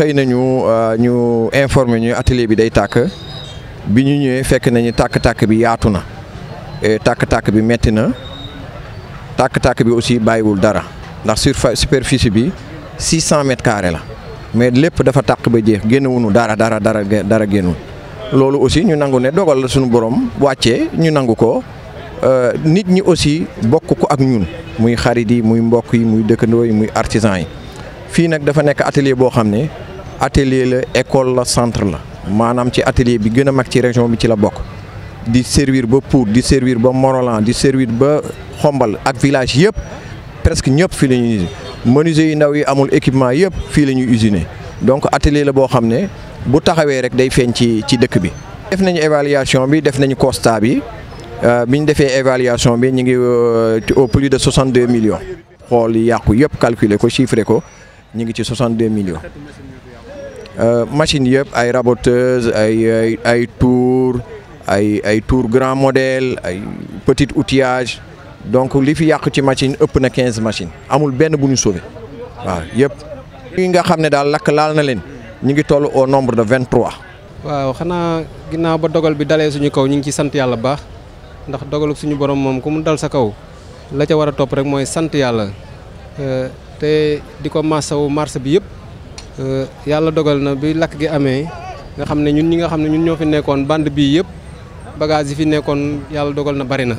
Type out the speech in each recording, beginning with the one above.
xëy nañu euh, ñu informé ñu atelier bi day tàkk bi ñu ñëwee fekk nañu tàkk-tàkk bi yaatu na tàkk-tàkk bi metti na tàkk-tàkk bi aussi bàyyiwul dara ndax superficie bi 600 mètres carrés la mais lépp dafa tàkk ba jeex génnewunu dara dara dara dara génnul loolu aussi ñu nangu ne dogal la suñu borom wàccee ñu nangu ko Euh, nit ñi aussi bokk ko ak ñun muy xarit yi muy mbokk yi muy dëkkandoo yi muy artisan yi fii nag dafa nekk atelier boo xam ne atelier la école la centre la maanaam ci atelier bi gën a mag ci région bi ci la bokk di servir ba Pout di servir ba Morolan di servir ba Xombal ak village yëpp presque ñëpp fii la ñuy usine menuisier yu ndaw yi amul équipement yëpp fii la ñuy usiner donc atelier la boo xam ne bu taxawee rek day feeñ ci ci dëkk bi. def nañu évaluation bi def nañu constat bi. Euh, bi ñu defee évaluation bi ñu ngi euh, au plus de 62 millions xool yàqu yëpp calculer ko chiffrer ko ñu ngi ci 62 millions euh, machines yëpp ay raboteuses ay ay tour ay ay tour grand modèle ay petit outillage donc li fi yàq ci machine ëpp na 15 machines amul benn bu ñu sauvé waaw yëpp. yi nga xam ne daal lakk laal na leen ñu ngi toll au nombre de 23. waaw xanaa ginnaaw ba dogal bi dalee suñu kaw ñu ngi ci sant yàlla baax. ndax dogalub suñu borom moom ku mu dal sa kaw la ca war a topp rek mooy sant yàlla euh, te di ko masawu marché bi yëpp euh, yàlla dogal na bi lakk gi amee nga xam ne ñun ñi nga xam ne ñun ñoo fi nekkoon bande bii yëpp bagage yi fi nekkoon yàlla dogal na bari na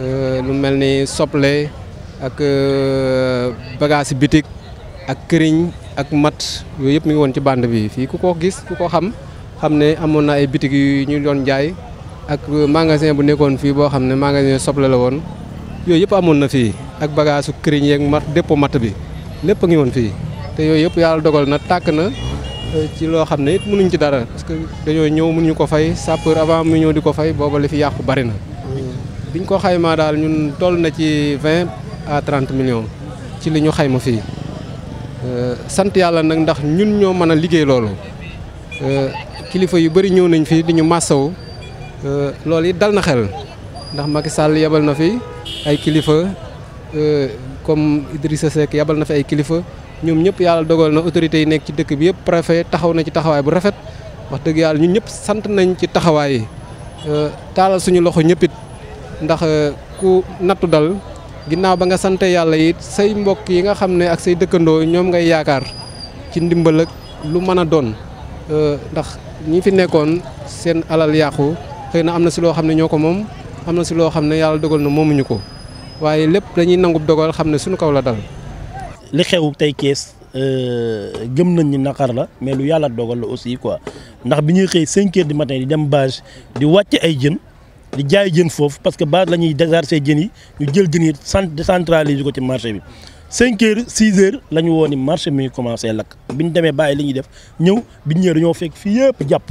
euh, lu mel ni soble ak bagage yi bitik ak këriñ ak mat yooyu yëpp mu ngi woon ci bande bi fii ku ko gis ku ko xam xam ne amoon na ay bitik yu ñu doon jaay ak magasin bu nekkoon fii boo xam ne magasin soble la woon yooyu yëpp amoon na fii ak bagage këriñ yeeg mat dépôt matt bi lépp a ngi woon fii te yooyu yëpp yàlla dogal na tàkk na eh, ci loo xam ne it mënuñ ci dara parce que dañoo ñëw mënuñu ko fay sapeur avant mu ñëw di ko fay booba li fi yàqu bari na. Hmm. biñ ko xaymaa daal ñun toll na ci vingt à trente million ci li ñu xayma fii eh, sant yàlla nag ndax ñun ñoo mën a liggéey loolu eh, kilifa yu bëri ñëw nañ fii di ñu màssawu. Euh, loolu dal na xel ndax Macky Sall yabal na fi ay kilifa euh, comme Idrissa Seck yabal na fi ay kilifa ñoom ñëpp yàlla dogal na autorité yi nekk ci dëkk bi yëpp préfet taxaw na ci taxawaay bu rafet wax dëgg yàlla ñun ñëpp sant nañ ci taxawaay yi euh, taalal suñu loxo ñëppit ndax ku nattu dal ginnaaw ba nga sante yàlla yi say mbokk yi nga xam ne ak say dëkkandoo ñoom ngay yaakaar ci ndimbal ak lu mën a doon ndax ñi fi nekkoon seen alal yàqu xëy na am na si loo xam ne ñoo ko moom am na si loo xam ne yàlla dogal na moomuñu ko waaye lépp dañuy nangub dogal xam ne suñu kaw la dal. li xew tey kees euh, gëm nañ ni naqar la mais lu yàlla dogal la aussi quoi ndax bi ñuy xëy 5 heures du matin di dem bâche di wàcc ay jën. di jaay jën foofu parce que base la ñuy décharger jën yi ñu jël jën yi cent décentraliser ko ci marché bi 5 heures 6 heures la ñu woo ni marché mi commencé lakk bi ñu demee bàyyi li ñuy def ñëw bi ñu ñëwee dañoo fekk fii yëpp jàpp.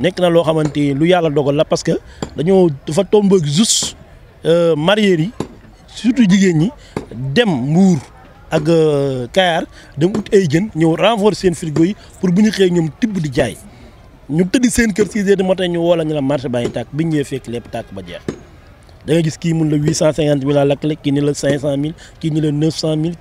nekk na loo xamante ni lu yàlla dogal la parce que dañoo dafa tombé juste euh, mareyeurs yi surtout jigéen ñi dem Mbuur ak euh, Kayar dem ut ay jën ñëw renforcer seen frigo yi pour bu ñu xëyee ñoom tibb di jaay ñu tëdd seen kër six heures du ñu woo la ñu la tàkk bi ñëwee fekk lépp tàkk ba jeex da gis kii mun la huit cent cinquante mille la lakkale kii ni la cinq cent mille kii ni la neuf cent mille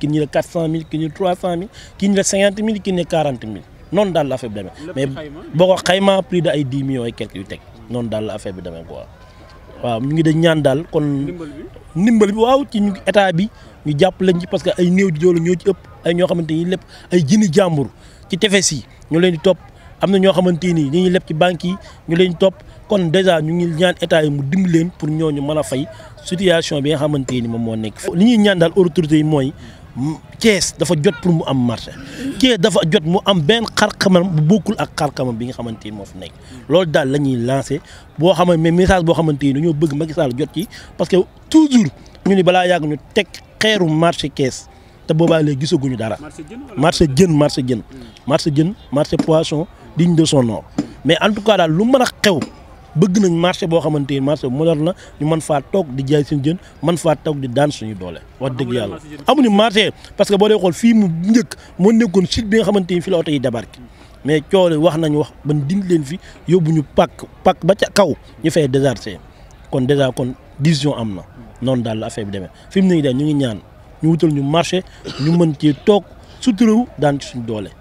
noonu daal la affaire bi demee mais boo ko xayma plus de ay dix millions et yu teg noonu daal la affaire bi demee ko waaw ñu ngi dañ ñaan daal kon ndimbal bi waaw ci ñu état bi ñu jàpp lañ ci parce que ay néew di doole ñoo ci ëpp ay ñoo xamante ni lépp ay jini jàmbur ci tefes yi ñu leen di topp am na ñoo xamante ni ñu ngi lepp ci banques yi ñu leen topp kon déjà ñu ngi ñaan état yi mu dimb leen pour ñu mën a fay situation bi nga xamante ni moom moo nekk. li ñuy ñaan daal autorités yi mooy. Thiès dafa jot pour mu am marché Thiès dafa jot mu am benn xarxamam bu bokkul ak xarxamam bi nga xamante ni moo fi nekk loolu daal la ñuy lancé boo xamante mais message boo xamante ni dañoo bëgg Macky Sall jot ci parce que toujours ñu ni balaa yàgg ñu teg xeeru marché Thiès te boobaa léegi gisaguñu dara marché jën marché jën hmm. marché jën marché poisson digne de son nom mais en tout cas daal lu mën a xew bëgg nañ marché boo xamante ni marché bu moderne la ñu man faa toog di jaay suñu jën man faa toog di daan suñu doole wax dëgg yàlla amuñu marché parce que boo dee xool fii mu njëkk moo nekkoon site bi nga xamante ni fi la oto yi débarqué mais coole wax nañu wax ban dindi leen fii yóbbu ñu pàkk pàkk ba ca kaw ñu fay désarcé kon déjà kon division am na noonu daal la affaire bi demee fi mu ne daal ñu ngi ñaan ñu wutal ñu marché ñu mën ci toog suturaw daan ci suñu doole